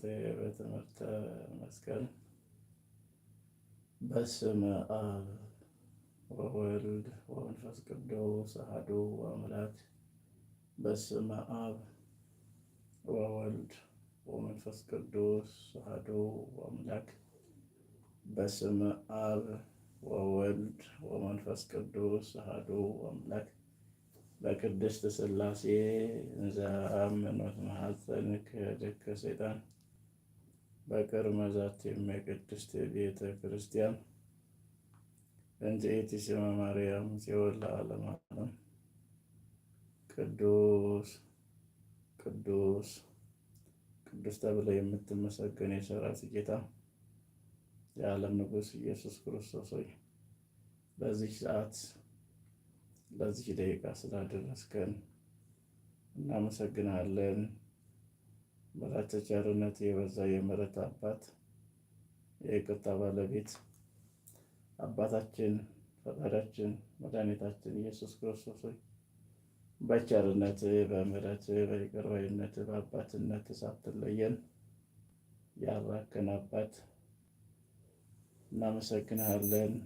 ሳምንት በትምህርተ መስቀል በስመ አብ ወወልድ ወመንፈስ ቅዱስ አሐዱ አምላክ በስመ አብ ወወልድ ወመንፈስ ቅዱስ አሐዱ አምላክ በስመ አብ ወወልድ ወመንፈስ ቅዱስ አሐዱ አምላክ በቅድስት ስላሴ እንዘ አምኖት መሐፀንከ ደከ ሰይጣን በቅርመዛት የቅድስት ቤተ ክርስቲያን እንዴት ስመ ማርያም ጽዮን ለዓለም ዓለም ቅዱስ ቅዱስ ቅዱስ ተብለ የምትመሰገን የሰራት ጌታ የዓለም ንጉሥ ኢየሱስ ክርስቶስ ሆይ በዚህ ሰዓት ለዚህ ደቂቃ ስላደረስከን እናመሰግናለን። ምሕረት ቸርነት የበዛ የምሕረት አባት የይቅርታ ባለቤት አባታችን ፈጣሪያችን መድኃኒታችን ኢየሱስ ክርስቶስ ሆይ በቸርነት በምሕረት በይቅር ባይነት በአባትነት ሳትለየን ያራከን አባት እናመሰግንሃለን።